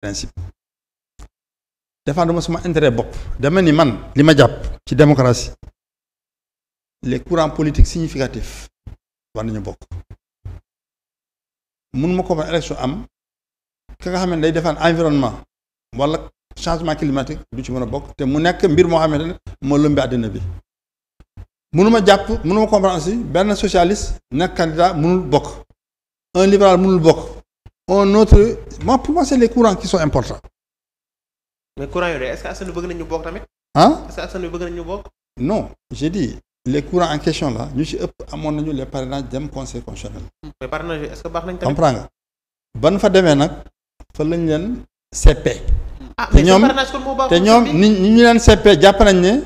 principe défenduma sama intérêt bopp dama ni man li ma jàpp ci démocratie les courants politiques significatifs war nañu bokk mun ma ko am ka nga xam ne day défendre environnement wala changement climatique du ci mën a bokk te mu nekk mbir moo xamante ne moo lëmbi àddina bi mënuma jàpp mënuma comprendre benn socialiste nekk candidat mënul bokk un libéral mënul bokk un autre moi pour moi c'est les courants qui sont importants. mais courants yooyu est que askan bëgg nañu bokk tamit. ah est-ce non j'ai dit les courants en question la ñu ci ëpp amoon nañu les parrainages dem conseil constitutionnel. Hmm, mais parrainage est-ce que nga ban fa demee nag fa lañ leen CP. Hmm. ah mais te ñoom te ñoom ni ñu leen CP jàpp nañ ne.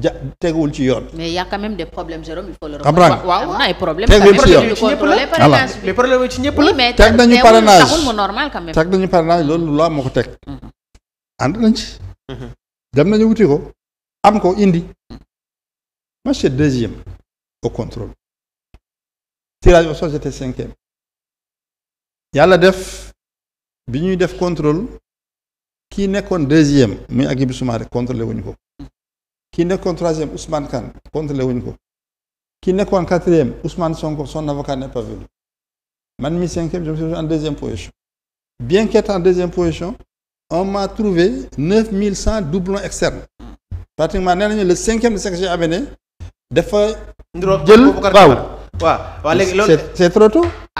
ja teguwul ci yoon. mais y' a quand même des problèmes Jérôme il faut le reconnaître. ci yoon mais problème yi ci ñëpp la. mais teg nañu parrainage mu normal quand même. teg nañu parrainage loolu loi moo ko teg. Mm-hmm. ànd nañ ci. Mm-hmm. dem nañu wuti ko. am ko indi. marché mm-hmm. deuxième. au contrôle. tirage au sort c'était cinquième. yàlla def. bi ñuy def contrôle. kii nekkoon deuxième muy ak Ibou Soumaré contrôlé wuñu ko. ki nekkoon troisième Ousmane Kane contrôlé wuñ ko ki nekkoon quatrième Ousmane Sonko son avocat n'est pas venu man mi cinquième je me suis en deuxième position bien qu'être en deuxième position on m'a trouvé neuf mille cent doublons externes pratiquement nee nañu le cinquième de section ne dafa jël waaw waa léegi loolu c'est trop tôt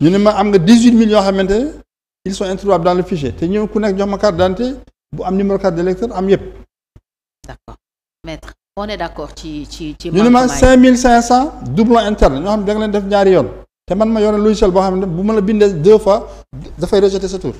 ñu ne ma am nga 18 000 yoo xamante ne ils sont introuvables dans le fichier te ñëw ku nekk jox ma carte d'identité bu am numéro carte ci ci ci. ñu ne ma 5500 doublon interne ñoo xam ne da nga leen def ñaari yoon te man ma yore logiciel boo xam ne bu ma la bindee deux fois dafay rejeter sa tour.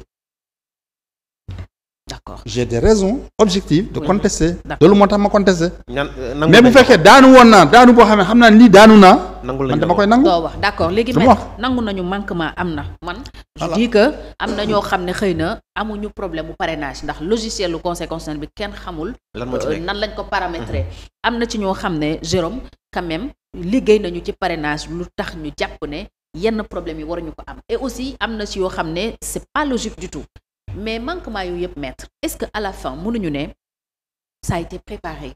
d'accord j'ai des raisons objectives de contester. loolu moo tax ma contester. Euh, mais bu fekkee daanu woon naa daanu boo xam ne xam naa nii daanu naa. nangu la man dama koy nangu doo wax d' accord léegi mais nangu nañu manquement am na man je dis que am na ñoo xam ne xëy na amuñu problème bu parrainage ndax logiciel lu conseil constitutionnel bi kenn xamul euh, nan lañ ko paramétrer mhm. am na ci ñoo xam ne Jérôme quand liggéey nañu ci parrainage lu tax ñu jàpp ne yenn problème yi waruñu ko am et aussi am na ci yoo xam ne c' est pas logique du tout mais manquement yu yëpp maître est ce que à la fin mënuñu ne ça a été préparé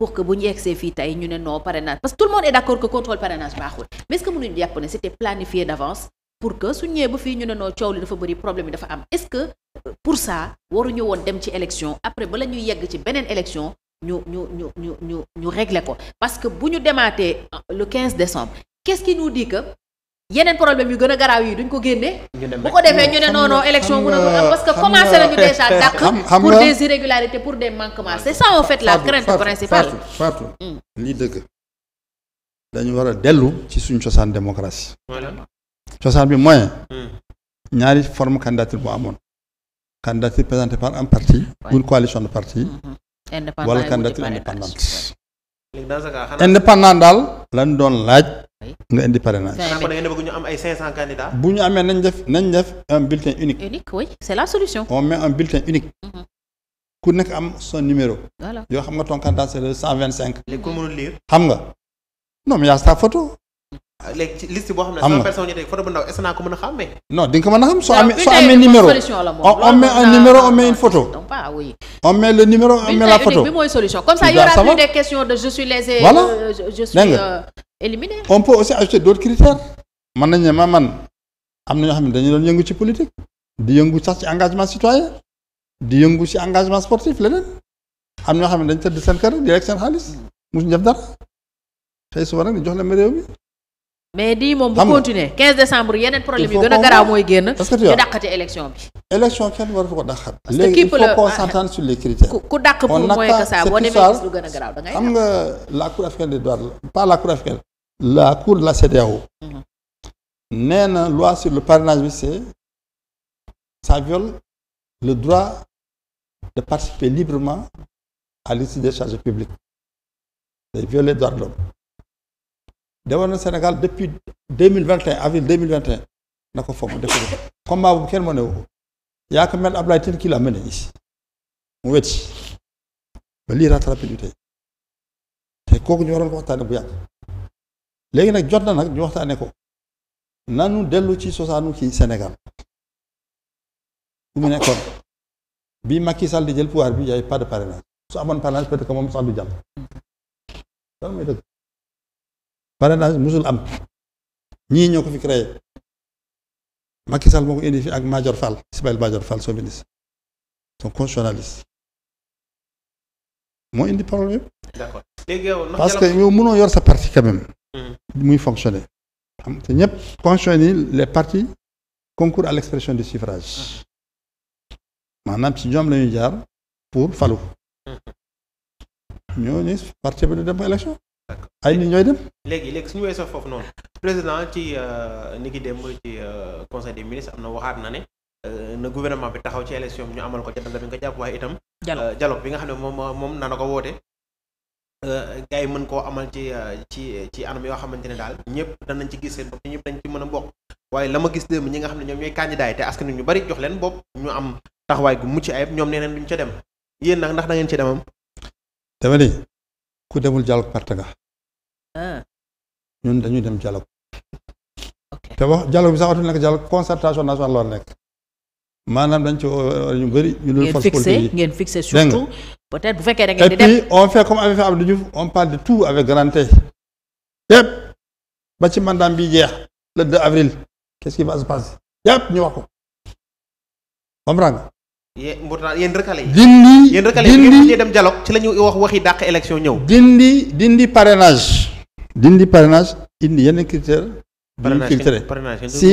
pour que bu ñu yegsee fii tey ñu ne non parrainage parce que tout le monde est d'accord que contrôle parrainage baaxul mais est-ce que mënuñu jàpp ne c'était planifié d'avance pour que su ñëwee ba fii ñu ne non coow li dafa bëri problème yi dafa am est-ce que euh, pour ça waruñu ñëwoon dem ci élection après bala ñu yegg ci beneen élection ñu ñu ñu ñu ñu ñu régler ko parce que bu ñu demaatee le 15 décembre qu'est-ce qui nous dit que yeneen problème yu gën a garaaw yi duñ ko génne. bu ko defee ñu ne non non élection mun a am parce que commencé nañu déjà dàq. pour des irrégularités pour des manquements c'est ça en fait la crainte principale. Fatou Fatou hmm. lii dëgg dañu war a dellu ci suñu cosaan démocratie. cosaan bi moyen hmm. ñaari forme candidature bu amoon. candidature présentée par un parti. ou une coalition de partis. Hmm, indépendant indépendant daal. lañ doon laaj. nga indi parrainage. kon da ngeen bëgg ñu am ay 500 bu ñu amee nañ def nañ def un bulletin unique. unique mm-hmm. ku nekk am son numéro. yoo xam nga ton candidat c'est le 125. xam nga non mais a sa photo. Ah, léegi ci boo xam ne sama personne ñetti photo bu ndaw est ko mën a a xam soo amee soo amee numéro on un photo. donc ah le numéro on met la photo. bi mooy solution comme ça y aura plus des éliminer. on peut aussi ajouter d'autres critères mën nañ ne ma man am na ñoo xam ne dañu doon yëngu ci politique di yëngu sax ci engagement citoyen di yëngu ci engagement sportif leneen am ñoo xam ne dañ tëdd seen kër di rek seen xaalis musuñu def dara jox leen ma réew mi. mais di moom bu continuer 15 décembre yeneen problème yu gën a garaaw mooy génn. ñu dàqati élection ko dàqat. léegi il faut qu'on sur les critères. ku dàq pour mooy que ça boo demee gis lu gën a garaaw da ngay xam nga la cour africaine des droits pas la cour africaine la cour de la CEDEAO mhm. nee na loi sur le parrainage bi c'est ça viole le droit de participer librement à l'issue des charges publiques c'est violer droit de l'homme demoon na Sénégal depuis mille vingt et un avril deux na ko foofu def ko combat boobu kenn moo woo yaa ko mel Ablaye Tine kii la mené ici mu weti ba lii rattrapé ñu tey te kooku ñu waroon ko waxtaane bu yàgg léegi nag jot na nag ñu waxtaanee ko nanu dellu ci sosaanu ci Sénégal fu mu nekkoon bi Macky Sall di jël pouvoir bi yaay pas de parrainage su amoon parrainage peut-être que moom am ñii ñoo ko fi créé Macky Sall moo ko indi ak Major Fall Ismaël Major Fall son ministre son constitutionnaliste moo indi problème yëpp. d'accord léegi yow parce que yow mënoo yor sa parti quand même. muy fonctionner xam te ñëpp constitution ni les partis concourent à l'expression du suffrage maanaam ci ñoom la ñuy jaar pour falu ñoo ni parti bi du dem élection ay nit ñooy dem léegi léegi suñu weesoo foofu noonu président ci euh, ni ki démb ci euh, conseil des ministres am na waxaat na ne euh, na gouvernement bi taxaw ci élection bi ñu amal ko ca data bi nga jàpp waaye itam dialogue bi nga xam ne moom moom na na ko woote Euh, gars yi mën koo amal ci euh, ci ci anam yoo xamante ne daal ñëpp danañ ci gis seen bopp ñëpp dañ ci mën a bokk waaye la ma gis démb ñi nga xam ne ñoom ñooy candidat yi te askan wi ñu bari jox leen bopp ñu am taxawaay gu mucc ayib ñoom nee neen duñ ca dem yéen nag ndax da ngeen ci demam. dama ni ku demul dialogue perte nga. Ah. ñun dañuy dem dialogue. te wax dialogue bi sax waxatuñu nekk dialogue concertation nationale la nekk. maanaam dañ ci euh, ñu bëri. ñu dul fas politique ngeen fixé surtout. peut-être bu fekkee da ngeen di dem et puis on fait comme avec ba ci mandaam bi jeex la 2 avril qu'est-ce qui va se passer yëpp ñu wax ko comprends dindi dem dialogue ci la ñu wax waxi dàq élection ñëw. dindi dindi parrainage. dindi parrainage indi yenn critères filtré parrainage si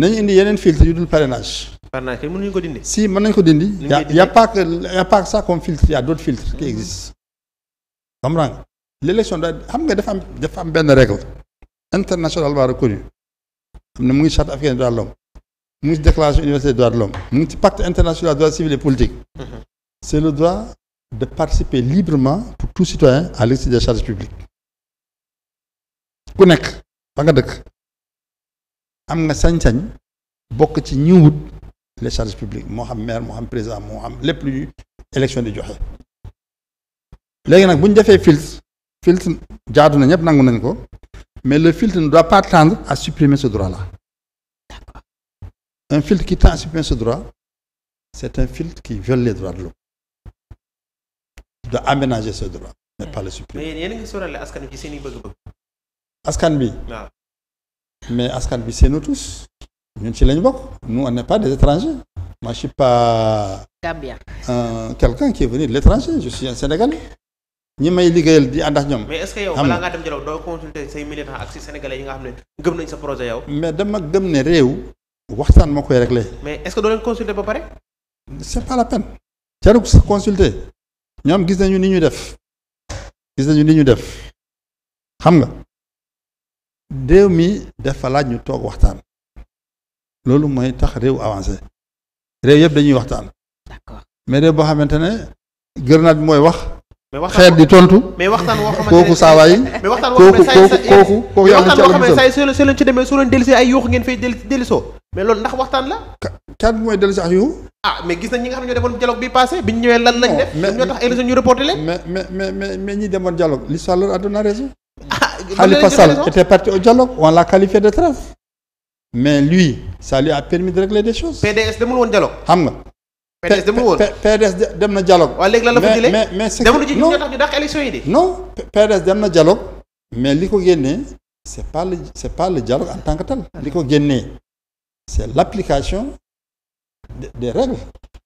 nañu indi yeneen filtre yu dul parrainage. parrainage kay mënuñu ko dindi. si mën nañu ko dindi. y' a y' a pas que y' a pas que ça comme filtre y' a d' autres filtres qui existent. comprends nga l' xam nga dafa am dafa am benn règle internationalement reconnue xam ne mu ngi charte africaine des droits de mu ngi ci déclaration universelle des droits de mu ngi ci pacte international des droits civils et politiques. Mhm. c' est le droit de participer librement pour tout citoyen à l'exercice des charges publiques nekk ba nga dëkk. am nga sañ-sañ bokk ci ñi wut les charges moo xam maire moo xam président moo xam lépp lu ñuy élection di joxe léegi nag buñ defee filtre filtre jaadu na ñëpp nangu nañ ko mais le filtre ne doit pas tendre à supprimer ce droit là un filtre qui tend à supprimer ce droit c'est un filtre qui viole les droits de l'homme il doit aménager ce droit askan bi ci askan bi mais askan bi c'est nous tous ñun ci lañ bokk nous on n'est pas des étrangers moi je suis pas Gambien que quelqu'un qui est venu de l'étranger je suis un Sénégalais ñi may liggéeyal di ànd ak ñoom. mais est-ce que yow balaa ngaa dem Jolof doo consulter say militants ak si sénégalais yi nga xam ne gëm nañ sa projet yow. mais dama gëm ne réew waxtaan moo koy réglé. mais est-ce que doo leen consulter ba pare. c'est pas la peine. jarul sa consulter ñoom gis nañu ni ñu def gis nañu ni ñu def xam nga. réew mi dafa laaj ñu toog waxtaan loolu mooy tax réew avancé réew yëpp dañuy waxtaan. d'accord mais réew boo xamante ne gërnaat mooy wax. xeet di tontu. mais waxtaan woo xamante ne kooku saawaay. mais waxtaan woo xamante ne kooku kooku yàlla ci yàlla musal soo leen soo ay yuuxu ngeen fay dellusoo mais loolu ndax waxtaan la. kat bi mooy dellusi ay yuuxu. ah mais gis nañ ñi nga xam ne ñoo defoon dialogue bi passé bi ñu ñëwee lan lañ def. ñoo tax élection ñu reporté leen. mais mais mais mais demoon dialogue l'histoire leur a donné Khalifa Sall était parti au dialogue on l'a qualifié de traître mais lui ça lui a permis de régler des choses. PDS demul xam nga. PDS demul woon dem na dialogue. waaw léegi mais mais mais. dem na dialogue mais li ko génnee c' est pas le c' est pas le dialogue en tant que tel. li ko génnee c' est l' des règles.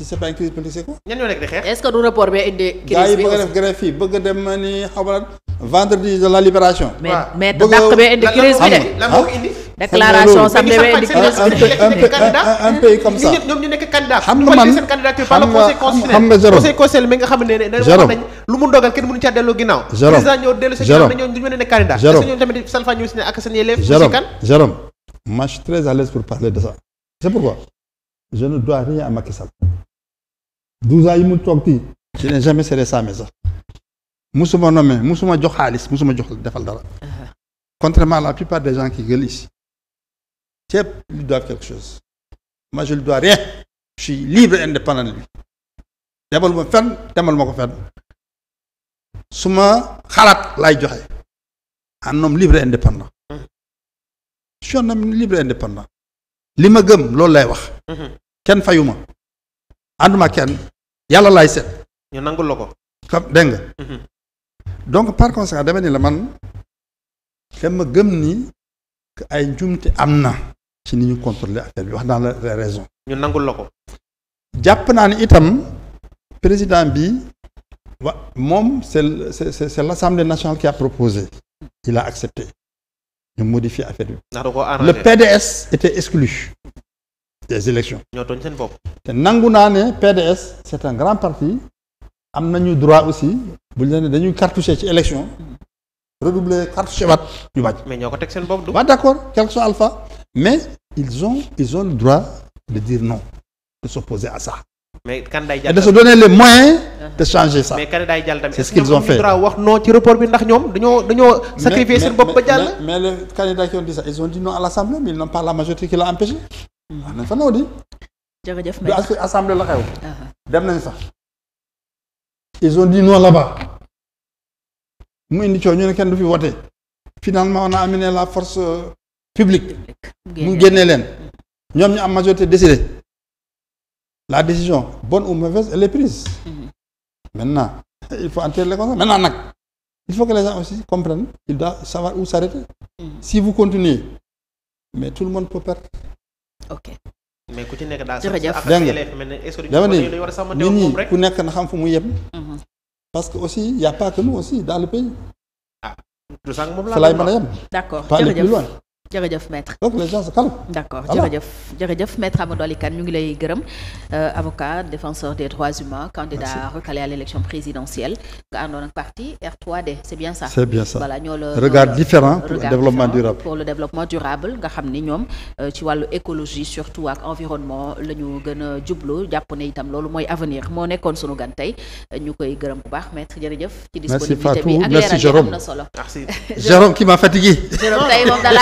si c'est pas une crise politique c'est ñoo nekk di xeex. est-ce du rapport bee indi. crise bëgg a dem ni xaw vendredi de la libération. mais mais dàq bee indi crise bi de. lan moo indi. déclaration samedi bee indi crise bi de. un pays comme ça ñoom ñu nekk candidat. xam nga man xam nga xam nga Jérôme nga xam ne ne. lu mu dogal kenn mënu ca delloo ginnaaw. Jérôme président ñëw dellu si ginnaaw ne a nekk candidat. Jérôme est que ñoom tamit salfa ñu si à l'aise pour parler de ça. c'est pourquoi je ne dois rien à Macky Sall douze yi mu toog tii je n'ai jamais serré sa sax musuma nommé musuma jox xaalis musuma jox defal dara uh-huh. contrairement la plupart des gens qui gueulent ici ceeb lui doit quelque chose moi libre indépendant de lui demal ma ko fenn su ma xalaat lay joxe un homme libre indépendant uh-huh. je suis libre indépendant li ma gëm loolu lay wax uh-huh. kenn fayu ànduma kenn yàlla lay seet. ñu nangul la ko. comme dégg nga. Mhm. donc par conséquent dama ni la man dama gëm ni que ay njumte am na ci ni ñu contrôler affaire bi wax naa la les ñu nangul la ko. jàpp naa ni itam président bi wa moom c'est c'est c'est l'Assemblée nationale qui a proposé il a accepté ñu modifier affaire bi. le PDS était exclu. des élections. ñoo tooñ seen bopp. te nangu naa ne PDS c' est un grand parti am nañu droit aussi bu ñu la ne dañuy cartouché ci élection redoubler cartouché waat ñu wàcc. mais ñoo seen bopp du. waaw d' accord quel que soit mais ils ont ils ont le droit de dire non de s'opposer à ça. mais kan day jàll de se donner les moyens de changer jàll tamit. c'est ce qu'ils ont fait wax non ci report bi ndax ñoom dañoo dañoo. sacrifier seen bopp ba jàll. mais mais mais les ont dit ça ils ont dit non à l'Assemblée mais ils n'ont majorité qui l'a empêché. wax nañ fa noo di. jërëjëf Mbaye du la xew. dem nañ fa. ils ont dit non là mu indi coow ñu ne kenn du fi wote. finalement na a amené la force euh, publique. mu génnee leen. ñoom ñu am majorité décidé. la décision bonne ou mhm. il faut enterrer les constats maintenant nag. il faut que les il doit savoir où s'arrêter. Mhm. si vous continuez. mais tout le monde peut perdre. ok mais ku ci nekk daal jërëjëf dégg nga dama ne nit ñi ku nekk na xam fu mu yem. Mhm. parce que aussi y' a pas aussi dans le pays. ah du sànq moom laa mën a yem. d' accord jërëjëf pas jërëjëf maître donc les gens se calment. d' accord jërëjëf jërëjëf maître ñu ngi lay gërëm euh, avocat défenseur des droits humains. candidat recalé à l' élection présidentielle. nga àndoon ak parti R3D c' bien ça. c' ñoo la regard différent pour le développement durable nga xam ni ñoom euh, ci wàllu écologie surtout ak environnement la ñu gën a jublu jàpp ne itam loolu mooy avenir moo nekkoon sunu gan tey ñu koy gërëm bu baax maître jërëjëf. ci disponibilité bi ak leeral yi am na qui